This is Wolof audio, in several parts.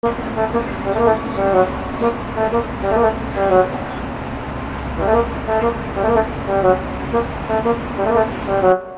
Thank you.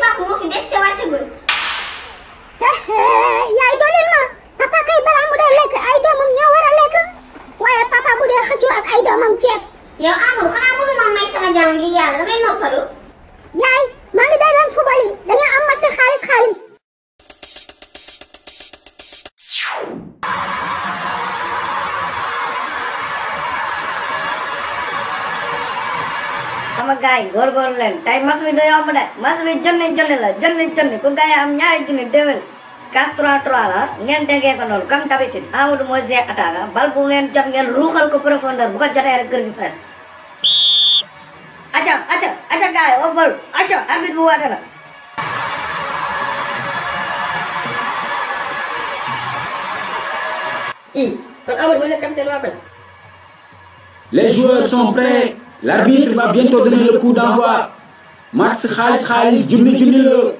papa moo fi des te wàccagul. yaay dolil ma papa kay balaa mu dee lekk ay doomam ñoo war a lekk waaye papa bu dee xëccoo ak ay doomam ceeb. yow amul xanaa mënu ma may sama jaam ngir yàlla damay noppalu. yaay maa ngi day dem sama I'm a guy, Gorgonland. I must be doing over that. jonne jonne Johnny Johnny, Johnny Johnny, Kugai, I'm Yai Jimmy Devil. Katra Trala, Nente Gagonol, come tabitit, mo je Ataga, bal bu ngen ngen ruxal ko profondeur bu ko Ruhal rek Founder, gi fess acha acha acha gay o bol acha arbit bu टेना i kon amadou mo je kam tel wa Les joueurs sont prêts L'arbitre va bientôt donner le coup d'envoi. Max, Khalis Khalis, Jumni du le.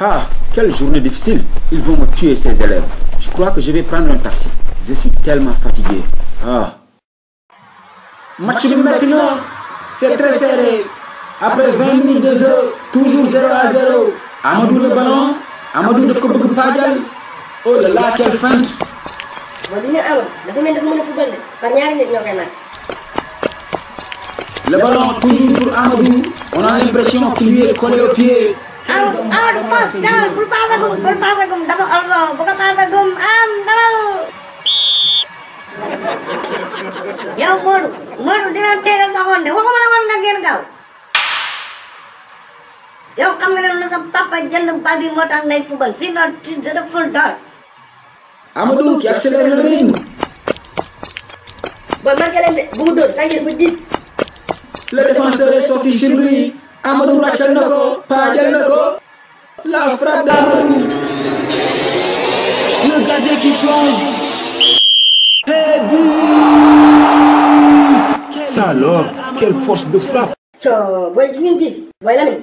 Ah, quelle journée difficile. Ils vont me tuer ces élèves. Je crois que je vais prendre un taxi. Je suis tellement fatigué. Ah. Match maintenant, c'est très serré. après 20 minutes de jeu toujours 0 à 0 Amadou le ballon Amadou daf ko bëgg paajal oh là là quelle feinte bon dina am dafa mel dafa mën a football de par ñaari nit ñoo koy marqué le ballon toujours pour Amadou on a l'impression qu'il lui est collé au pied Amadou Amadou fas dawal bul paasagum bul paasagum dafa olso bu ko paasagum am dawal yow Modou Modou dina tegal sa xonde waxuma la woon nga ngeen yow xam nga ne lu sa papa jënd bal bi mo tax ngay fubal sinon tu te deful dara amadou ki accélère le rythme Ba marqué leen de bu mu doon tàngee ba le défenseur est sorti sur lui amadou na ko paajal na ko la frappe d'amadou le gardien qui plonge alors quelle force de frappe Ciao, boleh gini, Bi. Boleh mais.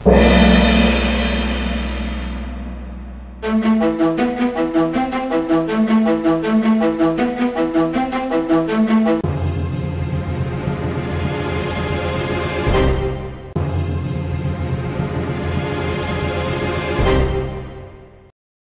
Thank you.